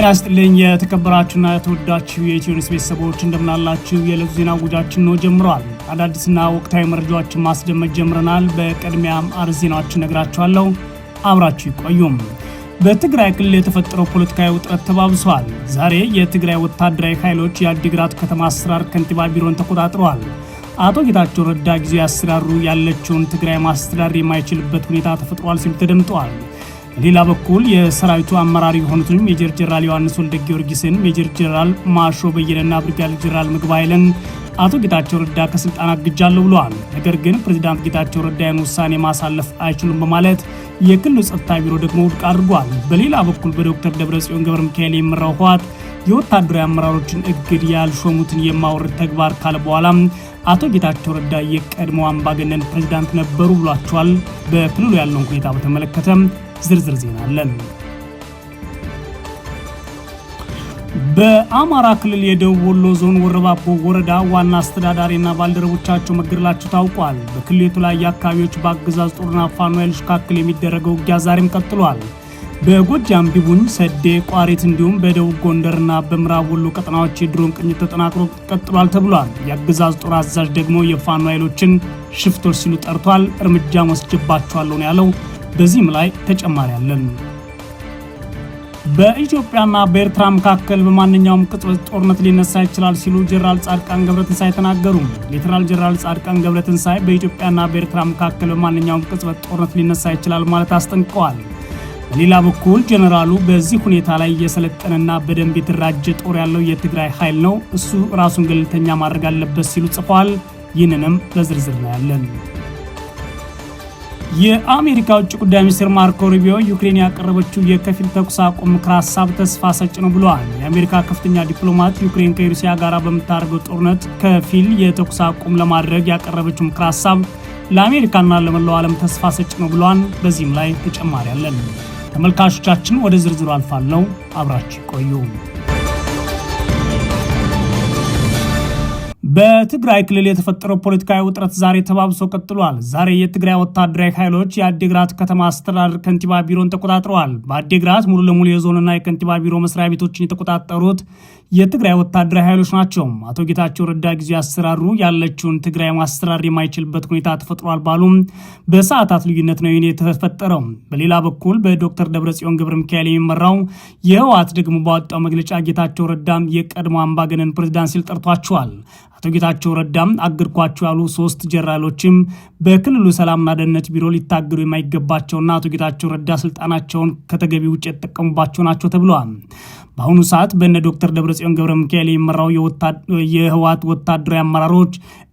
ጤና ይስጥልኝ የተከበራችሁና የተወዳችሁ የኢትዮ ኒውስ ቤተሰቦች እንደምናላችሁ የዕለቱ ዜና ጉጃችን ነው ጀምሯል። አዳዲስና ወቅታዊ መረጃዎችን ማስደመጥ ጀምረናል። በቅድሚያም አርዕስተ ዜናዎችን ነግራችኋለሁ። አብራችሁ ይቆዩም። በትግራይ ክልል የተፈጠረው ፖለቲካዊ ውጥረት ተባብሷል። ዛሬ የትግራይ ወታደራዊ ኃይሎች የአዲግራት ከተማ አሰራር ከንቲባ ቢሮን ተቆጣጥረዋል። አቶ ጌታቸው ረዳ ጊዜ አስተዳደሩ ያለችውን ትግራይ ማስተዳደር የማይችልበት ሁኔታ ተፈጥሯል ሲሉ ተደምጠዋል። በሌላ በኩል የሰራዊቱ አመራር የሆኑትን ሜጀር ጀነራል ዮሐንስ ወልደ ጊዮርጊስን፣ ሜጀር ጀነራል ማሾ በየነና ብርጋዴር ጀነራል ምግብ ኃይልን አቶ ጌታቸው ረዳ ከስልጣን አግጃለሁ ብለዋል። ነገር ግን ፕሬዚዳንት ጌታቸው ረዳ ውሳኔ ማሳለፍ አይችሉም በማለት የክልሉ ጸጥታ ቢሮ ደግሞ ውድቅ አድርጓል። በሌላ በኩል በዶክተር ደብረጽዮን ገብረ ሚካኤል የሚመራው ህወሓት የወታደራዊ አመራሮችን እግድ ያልሾሙትን የማውረድ ተግባር ካለ በኋላም አቶ ጌታቸው ረዳ የቀድሞ አምባገነን ፕሬዚዳንት ነበሩ ብሏቸዋል። በክልሉ ያለውን ሁኔታ በተመለከተ ዝርዝር ዜና አለን። በአማራ ክልል የደቡብ ወሎ ዞን ወረባቦ ወረዳ ዋና አስተዳዳሪና ባልደረቦቻቸው መገደላቸው ታውቋል። በክልሉ ላይ የአካባቢዎች በአገዛዝ ጦርና ፋኖ ኃይሎች መካከል የሚደረገው ውጊያ ዛሬም ቀጥሏል። በጎጃም ቢቡኝ፣ ሰዴ፣ ቋሪት እንዲሁም በደቡብ ጎንደርና በምዕራብ ወሎ ቀጠናዎች የድሮን ቅኝት ተጠናክሮ ቀጥሏል ተብሏል። የአገዛዝ ጦር አዛዥ ደግሞ የፋኖ ኃይሎችን ሽፍቶች ሲሉ ጠርቷል። እርምጃ ወስጅባቸዋለሁ ነው ያለው። በዚህም ላይ ተጨማሪ አለን። በኢትዮጵያና በኤርትራ መካከል በማንኛውም ቅጽበት ጦርነት ሊነሳ ይችላል ሲሉ ጀነራል ጻድቃን ገብረትንሳኤ ተናገሩ። ሌተናል ጀነራል ጻድቃን ገብረትንሳኤ በኢትዮጵያና በኤርትራ መካከል በማንኛውም ቅጽበት ጦርነት ሊነሳ ይችላል ማለት አስጠንቅቀዋል። በሌላ በኩል ጀነራሉ በዚህ ሁኔታ ላይ እየሰለጠነና በደንብ የተደራጀ ጦር ያለው የትግራይ ኃይል ነው፣ እሱ ራሱን ገለልተኛ ማድረግ አለበት ሲሉ ጽፏል። ይህንንም በዝርዝር እናያለን። የአሜሪካ ውጭ ጉዳይ ሚኒስትር ማርኮ ሩቢዮ ዩክሬን ያቀረበችው የከፊል ተኩስ አቁም ምክረ ሀሳብ ተስፋ ሰጭ ነው ብለዋል። የአሜሪካ ከፍተኛ ዲፕሎማት ዩክሬን ከሩሲያ ጋር በምታደርገው ጦርነት ከፊል የተኩስ አቁም ለማድረግ ያቀረበችው ምክረ ሀሳብ ለአሜሪካና ለመላው ዓለም ተስፋ ሰጭ ነው ብለዋል። በዚህም ላይ ተጨማሪ አለን። ተመልካቾቻችን ወደ ዝርዝሩ አልፋለሁ። አብራችሁ ቆዩ። በትግራይ ክልል የተፈጠረው ፖለቲካዊ ውጥረት ዛሬ ተባብሶ ቀጥሏል። ዛሬ የትግራይ ወታደራዊ ኃይሎች የአዴግራት ከተማ አስተዳደር ከንቲባ ቢሮን ተቆጣጥረዋል። በአዴግራት ሙሉ ለሙሉ የዞንና የከንቲባ ቢሮ መስሪያ ቤቶችን የተቆጣጠሩት የትግራይ ወታደራዊ ኃይሎች ናቸው። አቶ ጌታቸው ረዳ ጊዜ ያሰራሩ ያለችውን ትግራይ ማሰራር የማይችልበት ሁኔታ ተፈጥሯል ባሉም በሰዓታት ልዩነት ነው የተፈጠረው። በሌላ በኩል በዶክተር ደብረጽዮን ገብረ ሚካኤል የሚመራው የህወሓት ደግሞ ባወጣው መግለጫ ጌታቸው ረዳም የቀድሞ አምባገነን ፕሬዚዳንት ሲል ጠርቷቸዋል። አቶ ጌታቸው ረዳም አገድኳቸው ያሉ ሶስት ጀራሎችም በክልሉ ሰላምና ደህንነት ቢሮ ሊታገዱ የማይገባቸውና አቶ ጌታቸው ረዳ ስልጣናቸውን ከተገቢ ውጭ የተጠቀሙባቸው ናቸው ተብለዋል። በአሁኑ ሰዓት በነ ዶክተር ደብረጽዮን ገብረ ሚካኤል የሚመራው የህወሓት ወታደራዊ አመራሮች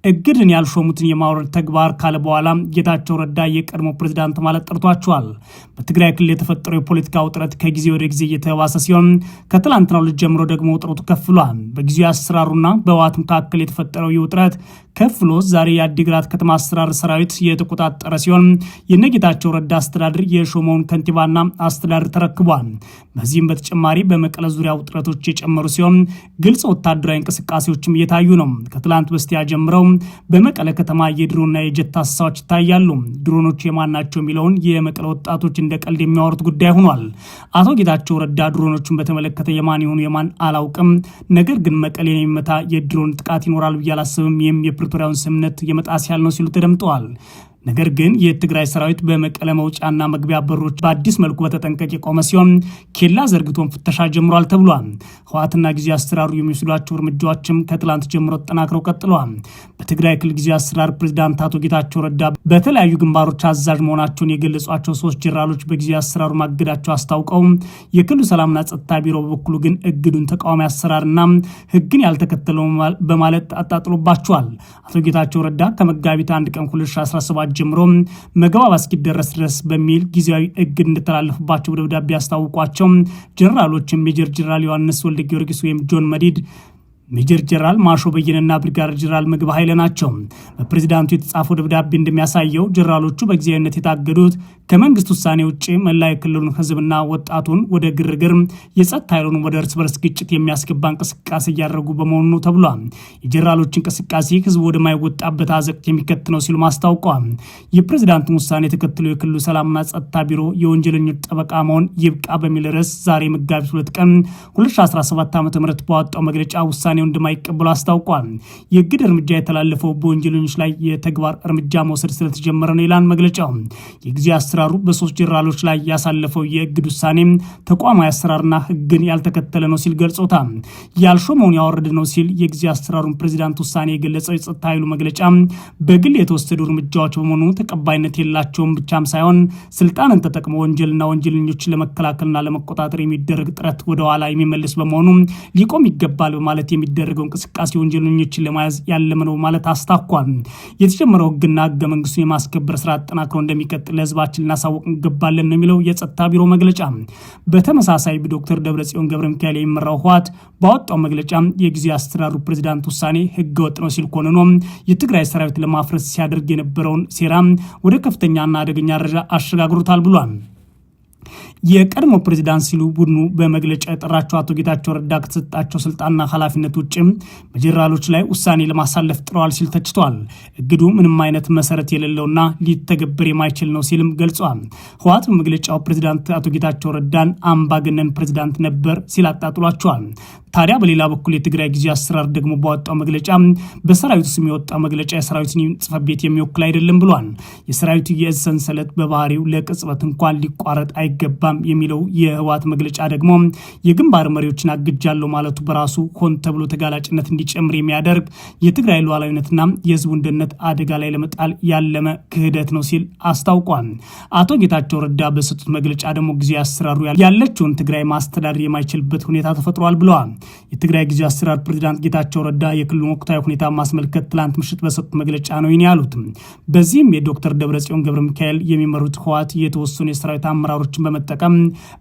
እግድን ያልሾሙትን የማውረድ ተግባር ካለ በኋላ ጌታቸው ረዳ የቀድሞ ፕሬዚዳንት ማለት ጠርቷቸዋል። በትግራይ ክልል የተፈጠረው የፖለቲካ ውጥረት ከጊዜ ወደ ጊዜ እየተባሰ ሲሆን ከትላንትናው ልጅ ጀምሮ ደግሞ ውጥረቱ ከፍሏል። በጊዜው አሰራሩና በህወሓት መካከል የተፈጠረው ይህ ውጥረት ከፍሎ ዛሬ የአዲግራት ከተማ አሰራር ሰራዊት የተቆጣጠረ ሲሆን የነጌታቸው ረዳ አስተዳደር የሾመውን ከንቲባና አስተዳደር ተረክቧል። በዚህም በተጨማሪ በመቀለ ዙሪያ ውጥረቶች የጨመሩ ሲሆን ግልጽ ወታደራዊ እንቅስቃሴዎችም እየታዩ ነው። ከትላንት በስቲያ ጀምረው በመቀለ ከተማ የድሮና የጀት ታሳዎች ይታያሉ። ድሮኖቹ የማን ናቸው የሚለውን የመቀለ ወጣቶች እንደ ቀልድ የሚያወሩት ጉዳይ ሆኗል። አቶ ጌታቸው ረዳ ድሮኖቹን በተመለከተ የማን የሆኑ የማን አላውቅም፣ ነገር ግን መቀሌን የሚመታ የድሮን ጥቃት ይኖራል ብዬ አላስብም። ይህም የፕሪቶሪያውን ስምምነት የመጣስ ያህል ነው ሲሉ ተደምጠዋል። ነገር ግን የትግራይ ሰራዊት በመቀለ መውጫና መግቢያ በሮች በአዲስ መልኩ በተጠንቀቅ የቆመ ሲሆን ኬላ ዘርግቶን ፍተሻ ጀምሯል ተብሏል። ህወሓትና ጊዜ አሰራሩ የሚወስዷቸው እርምጃዎችም ከትላንት ጀምሮ ተጠናክረው ቀጥለዋል። በትግራይ ክልል ጊዜ አሰራር ፕሬዚዳንት አቶ ጌታቸው ረዳ በተለያዩ ግንባሮች አዛዥ መሆናቸውን የገለጿቸው ሶስት ጀነራሎች በጊዜ አሰራሩ ማገዳቸው አስታውቀው የክልሉ ሰላምና ጸጥታ ቢሮ በበኩሉ ግን እግዱን ተቃዋሚ አሰራርና ህግን ያልተከተለው በማለት አጣጥሎባቸዋል። አቶ ጌታቸው ረዳ ከመጋቢት አንድ ቀን 2017 ጀምሮ መግባባት እስኪደረስ ድረስ በሚል ጊዜያዊ እግድ እንዲተላለፍባቸው ደብዳቤ ያስታውቋቸው ጀነራሎች ሜጀር ጀነራል ዮሐንስ ወልደ ጊዮርጊስ ወይም ጆን መዲድ ሜጀር ጀነራል ማሾ በየነና ብርጋዴር ጀነራል ምግብ ኃይለ ናቸው። በፕሬዚዳንቱ የተጻፈው ደብዳቤ እንደሚያሳየው ጀነራሎቹ በጊዜያዊነት የታገዱት ከመንግስት ውሳኔ ውጭ መላ የክልሉን ህዝብና ወጣቱን ወደ ግርግር፣ የጸጥታ ኃይሉን ወደ እርስ በርስ ግጭት የሚያስገባ እንቅስቃሴ እያደረጉ በመሆኑ ነው ተብሏል። የጀነራሎች እንቅስቃሴ ህዝቡ ወደማይወጣበት አዘቅት የሚከት ነው ሲሉም አስታውቀዋል። የፕሬዚዳንቱን ውሳኔ ተከትሎ የክልሉ ሰላምና ጸጥታ ቢሮ የወንጀለኞች ጠበቃ መሆን ይብቃ በሚል ርዕስ ዛሬ መጋቢት ሁለት ቀን 2017 ዓ ም በዋጣው መግለጫ ውሳኔ ውሳኔውን እንደማይቀበሉ አስታውቋል። የእግድ እርምጃ የተላለፈው በወንጀለኞች ላይ የተግባር እርምጃ መውሰድ ስለተጀመረ ነው ይላል መግለጫው። የጊዜ አሰራሩ በሶስት ጀነራሎች ላይ ያሳለፈው የእግድ ውሳኔ ተቋማዊ አሰራርና ህግን ያልተከተለ ነው ሲል ገልጾታል። ያልሾመውን ያወረደ ነው ሲል የጊዜ አሰራሩን ፕሬዚዳንት ውሳኔ የገለጸው የጸጥታ ኃይሉ መግለጫ በግል የተወሰዱ እርምጃዎች በመሆኑ ተቀባይነት የላቸውም ብቻም ሳይሆን ስልጣንን ተጠቅሞ ወንጀልና ወንጀለኞችን ለመከላከልና ለመቆጣጠር የሚደረግ ጥረት ወደኋላ የሚመልስ በመሆኑ ሊቆም ይገባል በማለት የሚ የሚደረገው እንቅስቃሴ ወንጀለኞችን ለመያዝ ያለመ ነው ማለት አስታኳል። የተጀመረው ህግና ህገ መንግስቱን የማስከበር ስራ አጠናክሮ እንደሚቀጥል ለህዝባችን ልናሳወቅ እንገባለን ነው የሚለው የጸጥታ ቢሮ መግለጫ። በተመሳሳይ በዶክተር ደብረጽዮን ገብረ ሚካኤል የሚመራው ህወሓት ባወጣው መግለጫ የጊዜ አስተዳደሩ ፕሬዚዳንት ውሳኔ ህገ ወጥ ነው ሲል ኮንኖ የትግራይ ሰራዊት ለማፍረስ ሲያደርግ የነበረውን ሴራ ወደ ከፍተኛና አደገኛ ደረጃ አሸጋግሮታል ብሏል። የቀድሞ ፕሬዚዳንት ሲሉ ቡድኑ በመግለጫ የጠራቸው አቶ ጌታቸው ረዳ ከተሰጣቸው ስልጣንና ኃላፊነት ውጭም በጀኔራሎች ላይ ውሳኔ ለማሳለፍ ጥረዋል ሲል ተችቷል። እግዱ ምንም አይነት መሰረት የሌለውና ሊተገበር የማይችል ነው ሲልም ገልጿል። ህወሓት በመግለጫው ፕሬዚዳንት አቶ ጌታቸው ረዳን አምባገነን ፕሬዚዳንት ነበር ሲል አጣጥሏቸዋል። ታዲያ በሌላ በኩል የትግራይ ጊዜ አሰራር ደግሞ ባወጣው መግለጫ በሰራዊቱ ስም የወጣው መግለጫ የሰራዊትን ጽፈት ቤት የሚወክል አይደለም ብሏል። የሰራዊቱ የእዝ ሰንሰለት በባህሪው ለቅጽበት እንኳን ሊቋረጥ አይገባም የሚለው የህወሓት መግለጫ ደግሞ የግንባር መሪዎችን አግጃለሁ ማለቱ በራሱ ሆን ተብሎ ተጋላጭነት እንዲጨምር የሚያደርግ የትግራይ ሉዓላዊነትና የህዝቡ አንድነት አደጋ ላይ ለመጣል ያለመ ክህደት ነው ሲል አስታውቋል። አቶ ጌታቸው ረዳ በሰጡት መግለጫ ደግሞ ጊዜ አሰራሩ ያለችውን ትግራይ ማስተዳደር የማይችልበት ሁኔታ ተፈጥሯል ብለዋል። የትግራይ ጊዜ አሰራር ፕሬዚዳንት ጌታቸው ረዳ የክልሉን ወቅታዊ ሁኔታ ማስመልከት ትላንት ምሽት በሰጡት መግለጫ ነው ይህን ያሉት። በዚህም የዶክተር ደብረጽዮን ገብረ ሚካኤል የሚመሩት ህወሓት የተወሰኑ የሰራዊት አመራሮችን በመጠቀም በመጠቀም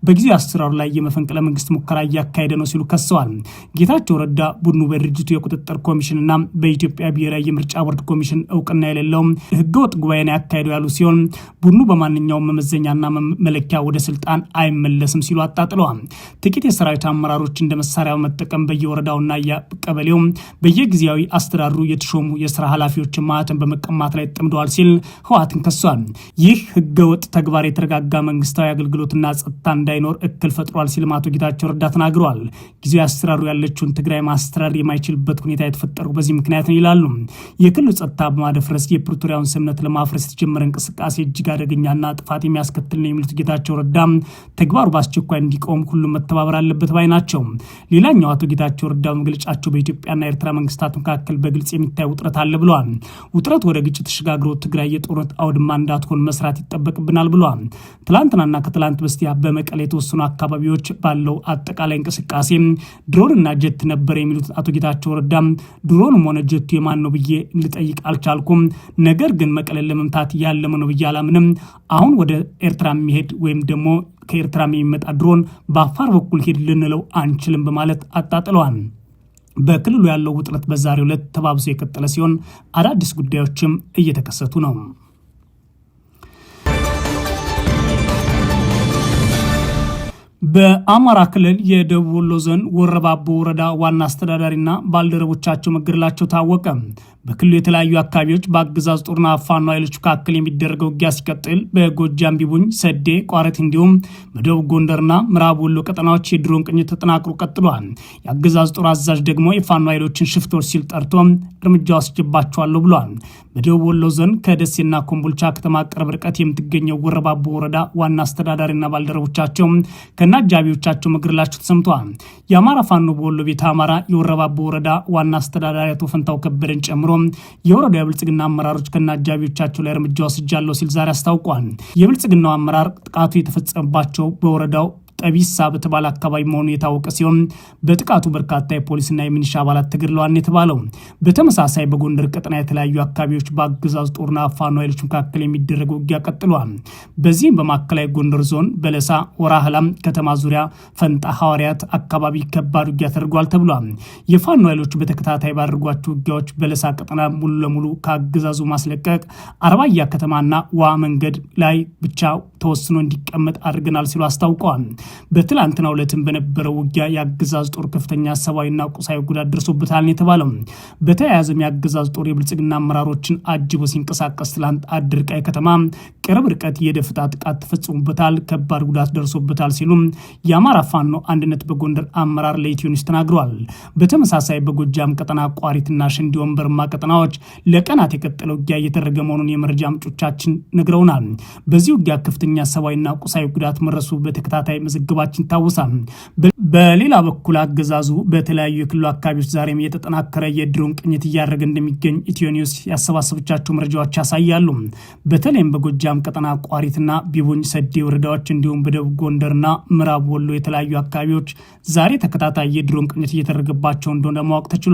በጊዜያዊ አሰራሩ ላይ የመፈንቅለ መንግስት ሙከራ እያካሄደ ነው ሲሉ ከሰዋል። ጌታቸው ረዳ ቡድኑ በድርጅቱ የቁጥጥር ኮሚሽንና በኢትዮጵያ ብሔራዊ የምርጫ ቦርድ ኮሚሽን እውቅና የሌለው ህገወጥ ነው ያካሄደው ያሉ ሲሆን ቡድኑ በማንኛውም መመዘኛና መለኪያ ወደ ስልጣን አይመለስም ሲሉ አጣጥለዋል። ጥቂት የሰራዊት አመራሮች እንደ መሳሪያ በመጠቀም በየወረዳውና ቀበሌው በየጊዜያዊ አስተዳድሩ የተሾሙ የስራ ኃላፊዎችን ማህተም በመቀማት ላይ ጠምደዋል ሲል ህወሓትን ከሷል። ይህ ህገወጥ ተግባር የተረጋጋ መንግስታዊ አገልግሎትና ጸጥታ እንዳይኖር እክል ፈጥሯል ሲል አቶ ጌታቸው ረዳ ተናግረዋል። ጊዜው ያሰራሩ ያለችውን ትግራይ ማስተራር የማይችልበት ሁኔታ የተፈጠረው በዚህ ምክንያት ነው ይላሉ። የክልሉ ጸጥታ በማደፍረስ የፕሪቶሪያውን ስምምነት ለማፍረስ የተጀመረ እንቅስቃሴ እጅግ አደገኛና ጥፋት የሚያስከትል ነው የሚሉት ጌታቸው ረዳ ተግባሩ በአስቸኳይ እንዲቆም ሁሉም መተባበር አለበት ባይ ናቸው። ሌላኛው አቶ ጌታቸው ረዳ መግለጫቸው በኢትዮጵያና ኤርትራ መንግስታት መካከል በግልጽ የሚታይ ውጥረት አለ ብለዋል። ውጥረት ወደ ግጭት ተሸጋግሮ ትግራይ የጦርነት አውድማ እንዳትሆን መስራት ይጠበቅብናል ብለዋል። ትላንትናና ከትላንት በስቲያ በመቀሌ የተወሰኑ አካባቢዎች ባለው አጠቃላይ እንቅስቃሴ ድሮንና ጀት ነበር የሚሉት አቶ ጌታቸው ረዳ ድሮንም ሆነ ጀቱ የማን ነው ብዬ ልጠይቅ አልቻልኩም። ነገር ግን መቀሌን ለመምታት ያለመ ነው ብዬ አላምንም። አሁን ወደ ኤርትራ የሚሄድ ወይም ደግሞ ከኤርትራ የሚመጣ ድሮን በአፋር በኩል ሄድ ልንለው አንችልም በማለት አጣጥለዋል። በክልሉ ያለው ውጥረት በዛሬው ዕለት ተባብሶ የቀጠለ ሲሆን አዳዲስ ጉዳዮችም እየተከሰቱ ነው። በአማራ ክልል የደቡብ ወሎ ዞን ወረባቦ ወረዳ ዋና አስተዳዳሪና ባልደረቦቻቸው መገደላቸው ታወቀ። በክልሉ የተለያዩ አካባቢዎች በአገዛዝ ጦርና ፋኖ ኃይሎች መካከል የሚደረገው ውጊያ ሲቀጥል በጎጃም ቢቡኝ፣ ሰዴ፣ ቋረት እንዲሁም በደቡብ ጎንደርና ምዕራብ ወሎ ቀጠናዎች የድሮን ቅኝት ተጠናክሮ ቀጥሏል። የአገዛዝ ጦር አዛዥ ደግሞ የፋኖ ኃይሎችን ሽፍቶች ሲል ጠርቶ እርምጃ ወስጅባቸዋለሁ ብሏል። በደቡብ ወሎ ዞን ከደሴና ኮምቦልቻ ከተማ ቅርብ ርቀት የምትገኘው ወረባቦ ወረዳ ዋና አስተዳዳሪና ባልደረቦቻቸው ከና አጃቢዎቻቸው መገደላቸው ተሰምተዋል። የአማራ ፋኖ በወሎ ቤተ አማራ የወረባቦ ወረዳ ዋና አስተዳዳሪ አቶ ፈንታው ከበደን ጨምሮ የወረዳ የብልጽግና አመራሮች ከና አጃቢዎቻቸው ላይ እርምጃ ወስጃለሁ ሲል ዛሬ አስታውቋል። የብልጽግናው አመራር ጥቃቱ የተፈጸመባቸው በወረዳው ቀቢሳ በተባለ አካባቢ መሆኑ የታወቀ ሲሆን በጥቃቱ በርካታ የፖሊስና የሚኒሻ አባላት ተገድለዋል የተባለው። በተመሳሳይ በጎንደር ቀጠና የተለያዩ አካባቢዎች በአገዛዝ ጦርና ፋኖ ኃይሎች መካከል የሚደረገ ውጊያ ቀጥሏል። በዚህም በማዕከላዊ ጎንደር ዞን በለሳ ወራህላም ከተማ ዙሪያ ፈንጣ ሐዋርያት አካባቢ ከባድ ውጊያ ተደርጓል ተብሏል። የፋኖ ኃይሎች በተከታታይ ባደርጓቸው ውጊያዎች በለሳ ቀጠና ሙሉ ለሙሉ ከአገዛዙ ማስለቀቅ አርባያ ከተማና ዋ መንገድ ላይ ብቻ ተወስኖ እንዲቀመጥ አድርገናል ሲሉ አስታውቀዋል። በትላንትናው ዕለትም በነበረው ውጊያ የአገዛዝ ጦር ከፍተኛ ሰብአዊና ቁሳዊ ጉዳት ደርሶበታል የተባለው። በተያያዘም የአገዛዝ ጦር የብልጽግና አመራሮችን አጅቦ ሲንቀሳቀስ ትላንት አድርቃይ ከተማ ቅርብ ርቀት የደፍጣ ጥቃት ተፈጽሞበታል፣ ከባድ ጉዳት ደርሶበታል ሲሉም የአማራ ፋኖ አንድነት በጎንደር አመራር ለኢትዮ ኒውስ ተናግረዋል። በተመሳሳይ በጎጃም ቀጠና ቋሪትና ሸንዲ ወንበርማ ቀጠናዎች ለቀናት የቀጠለ ውጊያ እየተደረገ መሆኑን የመረጃ ምንጮቻችን ነግረውናል። በዚህ ውጊያ ከፍተኛ ሰብአዊና ቁሳዊ ጉዳት መረሱ በተከታታይ መዘግ መዘገባችን ይታወሳል። በሌላ በኩል አገዛዙ በተለያዩ የክልሉ አካባቢዎች ዛሬም የተጠናከረ የድሮን ቅኝት እያደረገ እንደሚገኝ ኒውስ ያሰባሰበቻቸው መረጃዎች ያሳያሉ። በተለይም በጎጃም ቀጠና ቋሪትና ቢቡኝ ሰዴ ወረዳዎች እንዲሁም በደቡብ ጎንደርና ምዕራብ ወሎ የተለያዩ አካባቢዎች ዛሬ ተከታታይ የድሮን ቅኝት እየተደረገባቸው እንደሆነ ማወቅ ተችሏል።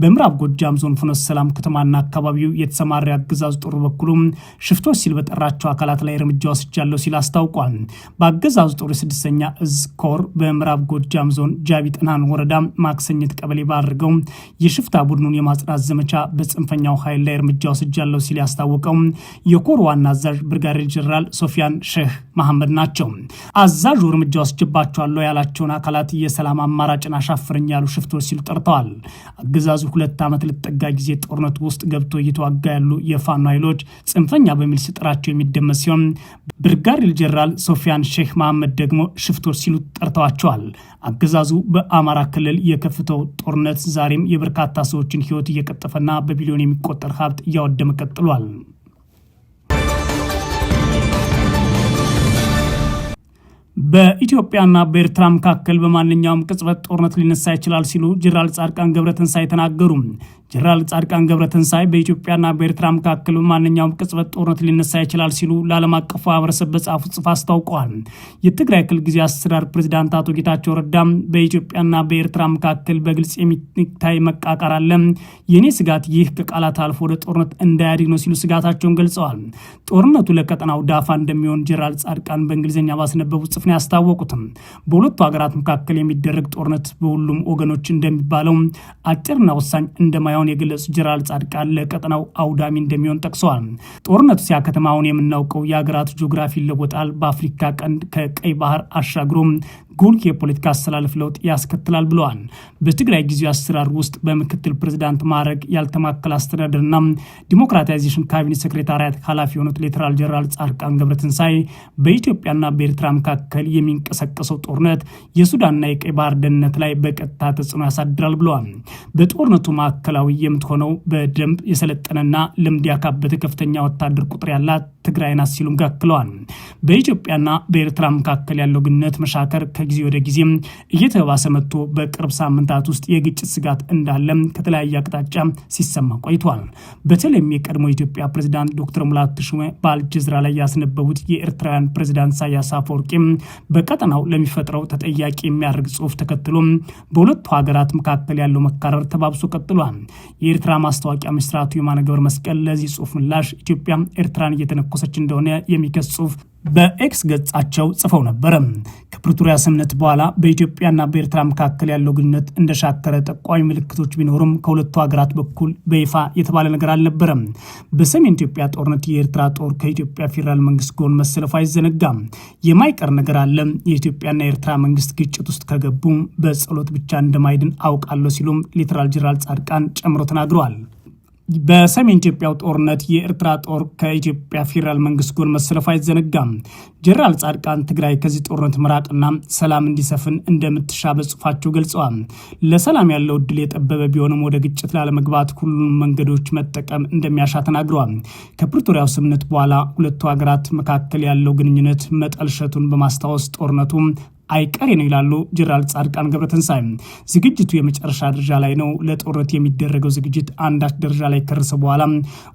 በምዕራብ ጎጃም ዞን ፍኖተ ሰላም ከተማና አካባቢው የተሰማረ አገዛዙ ጦር በኩሉም ሽፍቶች ሲል በጠራቸው አካላት ላይ እርምጃ ወስጃለሁ ሲል አስታውቋል። በአገዛዙ ጦር የስድስት ስድስተኛ እዝ ኮር በምዕራብ ጎጃም ዞን ጃቢ ጥናን ወረዳ ማክሰኝት ቀበሌ ባድርገው የሽፍታ ቡድኑን የማጽዳት ዘመቻ በጽንፈኛው ኃይል ላይ እርምጃ ወስጃለሁ ሲል ያስታወቀው የኮር ዋና አዛዥ ብርጋዴር ጀነራል ሶፊያን ሼህ መሐመድ ናቸው። አዛዡ እርምጃ ወስጅባቸዋለሁ ያላቸውን አካላት የሰላም አማራጭን አሻፍረኝ ያሉ ሽፍቶች ሲሉ ጠርተዋል። አገዛዙ ሁለት ዓመት ልጠጋ ጊዜ ጦርነት ውስጥ ገብቶ እየተዋጋ ያሉ የፋኖ ኃይሎች ጽንፈኛ በሚል ስጥራቸው የሚደመጥ ሲሆን ብርጋዴር ጀነራል ሶፊያን ሼህ መሐመድ ደግሞ ሽፍቶች ሲሉ ጠርተዋቸዋል። አገዛዙ በአማራ ክልል የከፍተው ጦርነት ዛሬም የበርካታ ሰዎችን ህይወት እየቀጠፈና በቢሊዮን የሚቆጠር ሀብት እያወደመ ቀጥሏል። በኢትዮጵያና በኤርትራ መካከል በማንኛውም ቅጽበት ጦርነት ሊነሳ ይችላል ሲሉ ጀነራል ጻድቃን ገብረትንሳኤ ተናገሩ። ጀነራል ጻድቃን ገብረትንሳኤ በኢትዮጵያና በኤርትራ መካከል ማንኛውም ቅጽበት ጦርነት ሊነሳ ይችላል ሲሉ ለዓለም አቀፉ ማህበረሰብ በጻፉ ጽፍ አስታውቀዋል። የትግራይ ክልል ጊዜ አስተዳደር ፕሬዚዳንት አቶ ጌታቸው ረዳም በኢትዮጵያና በኤርትራ መካከል በግልጽ የሚታይ መቃቀር አለ። የእኔ ስጋት ይህ ከቃላት አልፎ ወደ ጦርነት እንዳያድግ ነው ሲሉ ስጋታቸውን ገልጸዋል። ጦርነቱ ለቀጠናው ዳፋ እንደሚሆን ጀነራል ጻድቃን በእንግሊዝኛ ባስነበቡት ጽፍ ነው ያስታወቁትም። በሁለቱ ሀገራት መካከል የሚደረግ ጦርነት በሁሉም ወገኖች እንደሚባለው አጭርና ወሳኝ እንደማይሆን ቁመናውን የገለጹት ጀነራል ጻድቃን ለቀጠናው አውዳሚ እንደሚሆን ጠቅሰዋል። ጦርነቱ ሲያ ከተማውን የምናውቀው የሀገራቱ ጂኦግራፊ ይለወጣል፣ በአፍሪካ ቀንድ ከቀይ ባህር አሻግሮም ጉልህ የፖለቲካ አሰላለፍ ለውጥ ያስከትላል ብለዋል። በትግራይ ጊዜ አሰራር ውስጥ በምክትል ፕሬዚዳንት ማዕረግ ያልተማከለ አስተዳደርና ዲሞክራታይዜሽን ካቢኔት ሴክሬታሪያት ኃላፊ የሆኑት ሌተናል ጀነራል ጻድቃን ገብረትንሳኤ በኢትዮጵያና በኤርትራ መካከል የሚንቀሳቀሰው ጦርነት የሱዳንና የቀይ ባህር ደህንነት ላይ በቀጥታ ተጽዕኖ ያሳድራል ብለዋል። በጦርነቱ ማዕከላዊ ዘመናዊ የምትሆነው በደንብ የሰለጠነና ልምድ ያካበተ ከፍተኛ ወታደር ቁጥር ያላት ትግራይን ሲሉም ከክለዋል። በኢትዮጵያና በኤርትራ መካከል ያለው ግንኙነት መሻከር ከጊዜ ወደ ጊዜ እየተባሰ መጥቶ በቅርብ ሳምንታት ውስጥ የግጭት ስጋት እንዳለ ከተለያየ አቅጣጫ ሲሰማ ቆይቷል። በተለይም የቀድሞ ኢትዮጵያ ፕሬዚዳንት ዶክተር ሙላቱ ተሾመ በአልጀዝራ ላይ ያስነበቡት የኤርትራውያን ፕሬዚዳንት ኢሳያስ አፈወርቂ በቀጠናው ለሚፈጥረው ተጠያቂ የሚያደርግ ጽሑፍ ተከትሎ በሁለቱ ሀገራት መካከል ያለው መካረር ተባብሶ ቀጥሏል። የኤርትራ ማስታወቂያ ሚኒስትር አቶ የማነ ገብረ መስቀል ለዚህ ጽሁፍ ምላሽ ኢትዮጵያ ኤርትራን እየተነኩ እየተኮሰች እንደሆነ የሚገልጽ ጽሁፍ በኤክስ ገጻቸው ጽፈው ነበር። ከፕሪቶሪያ ስምምነት በኋላ በኢትዮጵያና በኤርትራ መካከል ያለው ግንኙነት እንደሻከረ ጠቋሚ ምልክቶች ቢኖሩም ከሁለቱ ሀገራት በኩል በይፋ የተባለ ነገር አልነበረም። በሰሜን ኢትዮጵያ ጦርነት የኤርትራ ጦር ከኢትዮጵያ ፌዴራል መንግስት ጎን መሰለፉ አይዘነጋም። የማይቀር ነገር አለ። የኢትዮጵያና የኤርትራ መንግስት ግጭት ውስጥ ከገቡ በጸሎት ብቻ እንደማይድን አውቃለሁ ሲሉም ሌተናል ጄኔራል ጻድቃን ጨምሮ ተናግረዋል። በሰሜን ኢትዮጵያው ጦርነት የኤርትራ ጦር ከኢትዮጵያ ፌዴራል መንግስት ጎን መሰለፉ አይዘነጋም። ጀነራል ጻድቃን ትግራይ ከዚህ ጦርነት መራቅና ሰላም እንዲሰፍን እንደምትሻ በጽሁፋቸው ገልጸዋል። ለሰላም ያለው እድል የጠበበ ቢሆንም ወደ ግጭት ላለመግባት ሁሉንም መንገዶች መጠቀም እንደሚያሻ ተናግረዋል። ከፕሪቶሪያው ስምምነት በኋላ ሁለቱ ሀገራት መካከል ያለው ግንኙነት መጠልሸቱን በማስታወስ ጦርነቱ አይቀሬ ነው ይላሉ ጀነራል ጻድቃን ገብረተንሳይ። ዝግጅቱ የመጨረሻ ደረጃ ላይ ነው። ለጦርነት የሚደረገው ዝግጅት አንዳች ደረጃ ላይ ከረሰ በኋላ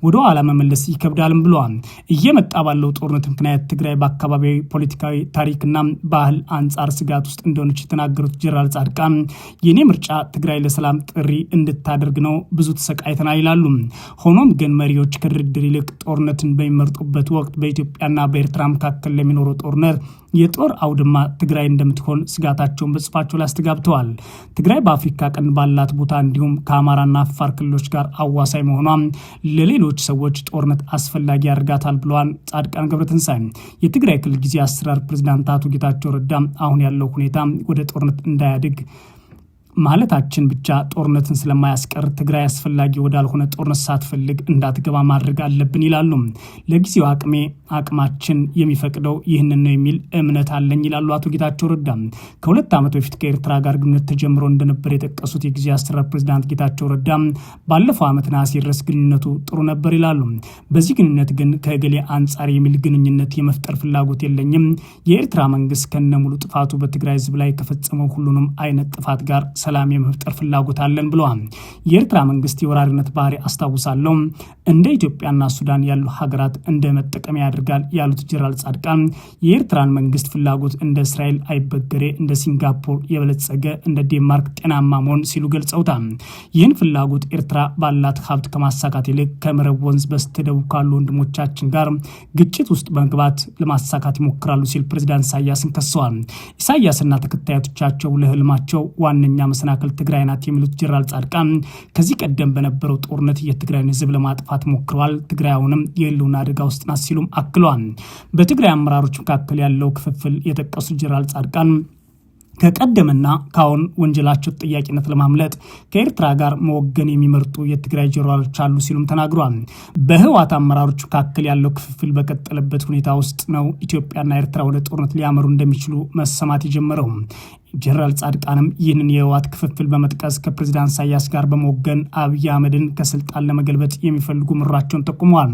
ወደ ኋላ መመለስ ይከብዳልም ብለዋል። እየመጣ ባለው ጦርነት ምክንያት ትግራይ በአካባቢያዊ ፖለቲካዊ ታሪክና ባህል አንጻር ስጋት ውስጥ እንደሆነች የተናገሩት ጀነራል ጻድቃን የኔ ምርጫ ትግራይ ለሰላም ጥሪ እንድታደርግ ነው፣ ብዙ ተሰቃይተናል ይላሉ። ሆኖም ግን መሪዎች ከድርድር ይልቅ ጦርነትን በሚመርጡበት ወቅት በኢትዮጵያና በኤርትራ መካከል ለሚኖረው ጦርነት የጦር አውድማ ትግራይ እንደምትሆን ስጋታቸውን በጽፋቸው ላይ አስተጋብተዋል። ትግራይ በአፍሪካ ቀንድ ባላት ቦታ እንዲሁም ከአማራና አፋር ክልሎች ጋር አዋሳኝ መሆኗ ለሌሎች ሰዎች ጦርነት አስፈላጊ ያደርጋታል ብለዋል ጻድቃን ገብረትንሳኤ። የትግራይ ክልል ጊዜ አሰራር ፕሬዚዳንት አቶ ጌታቸው ረዳ አሁን ያለው ሁኔታ ወደ ጦርነት እንዳያድግ ማለታችን ብቻ ጦርነትን ስለማያስቀር ትግራይ አስፈላጊ ወዳልሆነ ጦርነት ሳትፈልግ እንዳትገባ ማድረግ አለብን ይላሉ። ለጊዜው አቅሜ አቅማችን የሚፈቅደው ይህንን ነው የሚል እምነት አለኝ ይላሉ አቶ ጌታቸው ረዳ። ከሁለት ዓመት በፊት ከኤርትራ ጋር ግንኙነት ተጀምሮ እንደነበር የጠቀሱት የጊዜ አስተዳደር ፕሬዚዳንት ጌታቸው ረዳ ባለፈው ዓመት ነሐሴ ድረስ ግንኙነቱ ጥሩ ነበር ይላሉ። በዚህ ግንኙነት ግን ከእገሌ አንጻር የሚል ግንኙነት የመፍጠር ፍላጎት የለኝም። የኤርትራ መንግስት ከነሙሉ ጥፋቱ በትግራይ ህዝብ ላይ ከፈጸመው ሁሉንም አይነት ጥፋት ጋር ሰላም የመፍጠር ፍላጎት አለን ብለዋል። የኤርትራ መንግስት የወራሪነት ባህሪ አስታውሳለሁ፣ እንደ ኢትዮጵያና ሱዳን ያሉ ሀገራት እንደ መጠቀሚያ ያደርጋል ያሉት ጀነራል ጻድቃን የኤርትራን መንግስት ፍላጎት እንደ እስራኤል አይበገሬ፣ እንደ ሲንጋፖር የበለጸገ፣ እንደ ዴንማርክ ጤናማ መሆን ሲሉ ገልጸውታል። ይህን ፍላጎት ኤርትራ ባላት ሀብት ከማሳካት ይልቅ ከመረብ ወንዝ በስተደቡብ ካሉ ወንድሞቻችን ጋር ግጭት ውስጥ በመግባት ለማሳካት ይሞክራሉ ሲል ፕሬዚዳንት ኢሳያስን ከሰዋል። ኢሳያስና ተከታዮቻቸው ለህልማቸው ዋነኛ መሰናክል ትግራይ ናት የሚሉት ጀራል ጻድቃን ከዚህ ቀደም በነበረው ጦርነት የትግራይን ህዝብ ለማጥፋት ሞክረዋል፣ ትግራይ አሁንም የህልውና አደጋ ውስጥ ናት ሲሉም አክለዋል። በትግራይ አመራሮች መካከል ያለው ክፍፍል የጠቀሱ ጀራል ጻድቃን ከቀደምና ከአሁን ወንጀላቸው ተጠያቂነት ለማምለጥ ከኤርትራ ጋር መወገን የሚመርጡ የትግራይ ጀነራሎች አሉ ሲሉም ተናግረዋል። በህወሓት አመራሮች መካከል ያለው ክፍፍል በቀጠለበት ሁኔታ ውስጥ ነው ኢትዮጵያና ኤርትራ ወደ ጦርነት ሊያመሩ እንደሚችሉ መሰማት የጀመረው። ጀነራል ጻድቃንም ይህንን የህወሓት ክፍፍል በመጥቀስ ከፕሬዚዳንት ኢሳያስ ጋር በመወገን አብይ አህመድን ከስልጣን ለመገልበጥ የሚፈልጉ ምራቸውን ጠቁመዋል።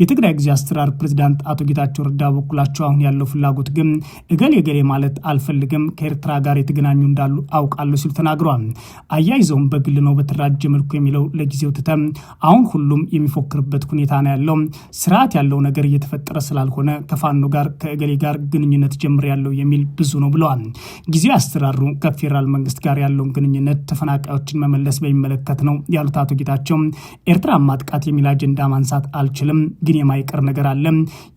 የትግራይ ጊዜ አስተዳደር ፕሬዚዳንት አቶ ጌታቸው ረዳ በኩላቸው አሁን ያለው ፍላጎት ግን እገሌ የገሌ ማለት አልፈልግም፣ ከኤርትራ ጋር የተገናኙ እንዳሉ አውቃለሁ ሲሉ ተናግረዋል። አያይዘውም በግል ነው በተደራጀ መልኩ የሚለው ለጊዜው ትተም አሁን ሁሉም የሚፎክርበት ሁኔታ ነው ያለው። ስርዓት ያለው ነገር እየተፈጠረ ስላልሆነ ከፋኖ ጋር ከእገሌ ጋር ግንኙነት ጀምር ያለው የሚል ብዙ ነው ብለዋል። ጊዜው ከፌዴራሉ ከፌዴራል መንግስት ጋር ያለውን ግንኙነት ተፈናቃዮችን መመለስ በሚመለከት ነው ያሉት አቶ ጌታቸው ኤርትራ ማጥቃት የሚል አጀንዳ ማንሳት አልችልም፣ ግን የማይቀር ነገር አለ።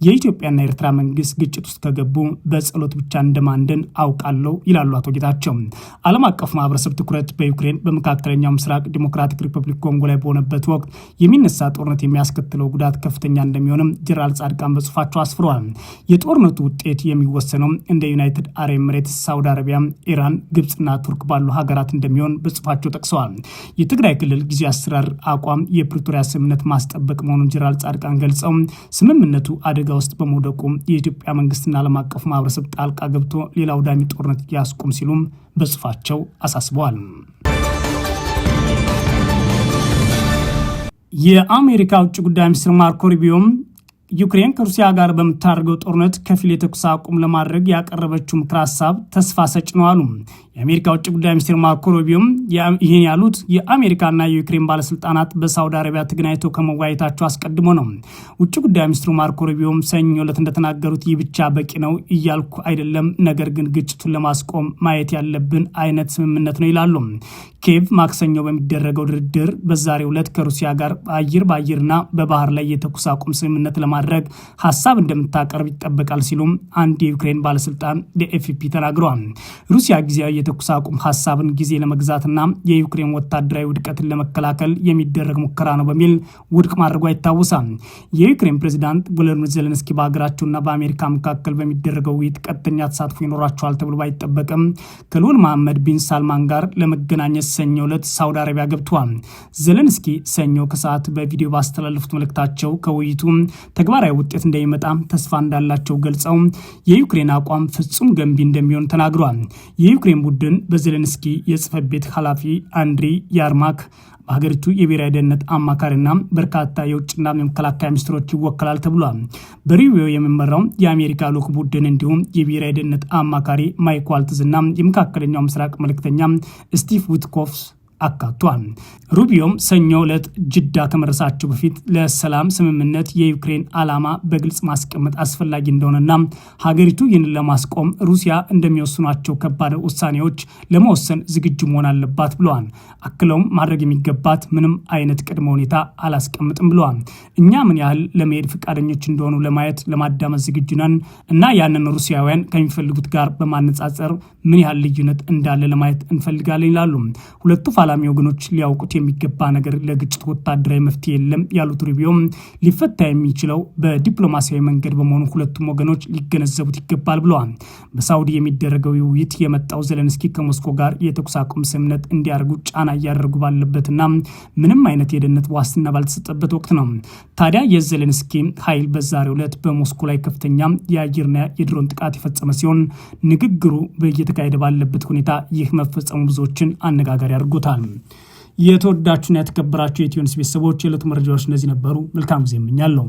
የኢትዮጵያና የኤርትራ መንግስት ግጭት ውስጥ ከገቡ በጸሎት ብቻ እንደማንድን አውቃለሁ ይላሉ አቶ ጌታቸው። ዓለም አቀፍ ማህበረሰብ ትኩረት በዩክሬን በመካከለኛው ምስራቅ ዲሞክራቲክ ሪፐብሊክ ኮንጎ ላይ በሆነበት ወቅት የሚነሳ ጦርነት የሚያስከትለው ጉዳት ከፍተኛ እንደሚሆንም ጀነራል ጻድቃን በጽሁፋቸው አስፍረዋል። የጦርነቱ ውጤት የሚወሰነው እንደ ዩናይትድ አረብ ኤምሬትስ፣ ሳውዲ አረቢያ ኢራን፣ ግብፅና ቱርክ ባሉ ሀገራት እንደሚሆን በጽሁፋቸው ጠቅሰዋል። የትግራይ ክልል ጊዜ አሰራር አቋም የፕሪቶሪያ ስምምነት ማስጠበቅ መሆኑን ጀነራል ጻድቃን ገልጸው ስምምነቱ አደጋ ውስጥ በመውደቁ የኢትዮጵያ መንግስትና ዓለም አቀፍ ማህበረሰብ ጣልቃ ገብቶ ሌላ አውዳሚ ጦርነት ያስቁም ሲሉም በጽሁፋቸው አሳስበዋል። የአሜሪካ ውጭ ጉዳይ ሚኒስትር ማርኮ ሩቢዮም ዩክሬን ከሩሲያ ጋር በምታደርገው ጦርነት ከፊል የተኩስ አቁም ለማድረግ ያቀረበችው ምክር ሀሳብ ተስፋ ሰጭ ነው አሉ የአሜሪካ ውጭ ጉዳይ ሚኒስትር ማርኮ ሮቢዮም ይህን ያሉት የአሜሪካና የዩክሬን ባለስልጣናት በሳውዲ አረቢያ ተገናኝተው ከመወያየታቸው አስቀድሞ ነው። ውጭ ጉዳይ ሚኒስትሩ ማርኮ ሮቢዮም ሰኞ ዕለት እንደተናገሩት ይህ ብቻ በቂ ነው እያልኩ አይደለም፣ ነገር ግን ግጭቱን ለማስቆም ማየት ያለብን አይነት ስምምነት ነው ይላሉ። ኬቭ ማክሰኞ በሚደረገው ድርድር በዛሬው ዕለት ከሩሲያ ጋር በአየር በአየርና በባህር ላይ የተኩስ አቁም ስምምነት ለማድረግ ሀሳብ እንደምታቀርብ ይጠበቃል ሲሉም አንድ የዩክሬን ባለስልጣን ለኤፍፒ ተናግረዋል። ሩሲያ ጊዜያዊ የተኩስ አቁም ሀሳብን ጊዜ ለመግዛትና የዩክሬን ወታደራዊ ውድቀትን ለመከላከል የሚደረግ ሙከራ ነው በሚል ውድቅ ማድረጓ ይታወሳል። የዩክሬን ፕሬዚዳንት ቮሎድሚር ዘለንስኪ በሀገራቸውና በአሜሪካ መካከል በሚደረገው ውይይት ቀጥተኛ ተሳትፎ ይኖራቸዋል ተብሎ ባይጠበቅም ከልዑል መሐመድ ቢን ሳልማን ጋር ለመገናኘት ሰኞ ዕለት ሳውዲ አረቢያ ገብተዋል። ዘለንስኪ ሰኞ ከሰዓት በቪዲዮ ባስተላለፉት መልእክታቸው ከውይይቱ ተግባራዊ ውጤት እንደሚመጣ ተስፋ እንዳላቸው ገልጸው የዩክሬን አቋም ፍጹም ገንቢ እንደሚሆን ተናግሯል። የዩክሬን ቡድን በዜሌንስኪ የጽህፈት ቤት ኃላፊ አንድሪ ያርማክ በሀገሪቱ የብሔራዊ ደህንነት አማካሪና በርካታ የውጭና የመከላከያ ሚኒስትሮች ይወከላል ተብሏል። በሪዮ የሚመራው የአሜሪካ ልዑክ ቡድን እንዲሁም የብሔራዊ ደህንነት አማካሪ ማይክ ዋልትዝና የመካከለኛው ምስራቅ መልእክተኛ ስቲቭ ዊትኮፍስ አካቷል። ሩቢዮም ሰኞ ዕለት ጅዳ ከመረሳቸው በፊት ለሰላም ስምምነት የዩክሬን ዓላማ በግልጽ ማስቀመጥ አስፈላጊ እንደሆነና ሀገሪቱ ይህንን ለማስቆም ሩሲያ እንደሚወስኗቸው ከባድ ውሳኔዎች ለመወሰን ዝግጁ መሆን አለባት ብለዋል። አክለውም ማድረግ የሚገባት ምንም አይነት ቅድመ ሁኔታ አላስቀምጥም ብለዋል። እኛ ምን ያህል ለመሄድ ፈቃደኞች እንደሆኑ ለማየት ለማዳመጥ ዝግጁ ነን እና ያንን ሩሲያውያን ከሚፈልጉት ጋር በማነጻጸር ምን ያህል ልዩነት እንዳለ ለማየት እንፈልጋለን ይላሉ ሁለቱ ተፋላሚ ወገኖች ሊያውቁት የሚገባ ነገር ለግጭት ወታደራዊ መፍትሄ የለም ያሉት ሩቢዮም ሊፈታ የሚችለው በዲፕሎማሲያዊ መንገድ በመሆኑ ሁለቱም ወገኖች ሊገነዘቡት ይገባል ብለዋል። በሳውዲ የሚደረገው ውይይት የመጣው ዘለንስኪ ከሞስኮ ጋር የተኩስ አቁም ስምምነት እንዲያደርጉ ጫና እያደረጉ ባለበትና ምንም አይነት የደህንነት ዋስትና ባልተሰጠበት ወቅት ነው። ታዲያ የዘለንስኪ ኃይል በዛሬው ዕለት በሞስኮ ላይ ከፍተኛ የአየርና የድሮን ጥቃት የፈጸመ ሲሆን ንግግሩ እየተካሄደ ባለበት ሁኔታ ይህ መፈጸሙ ብዙዎችን አነጋጋሪ አድርጎታል። ተናግረዋል። የተወዳችሁና የተከበራችሁ የኢትዮኒውስ ቤተሰቦች የዕለቱ መረጃዎች እነዚህ ነበሩ። መልካም ጊዜ እመኛለሁ።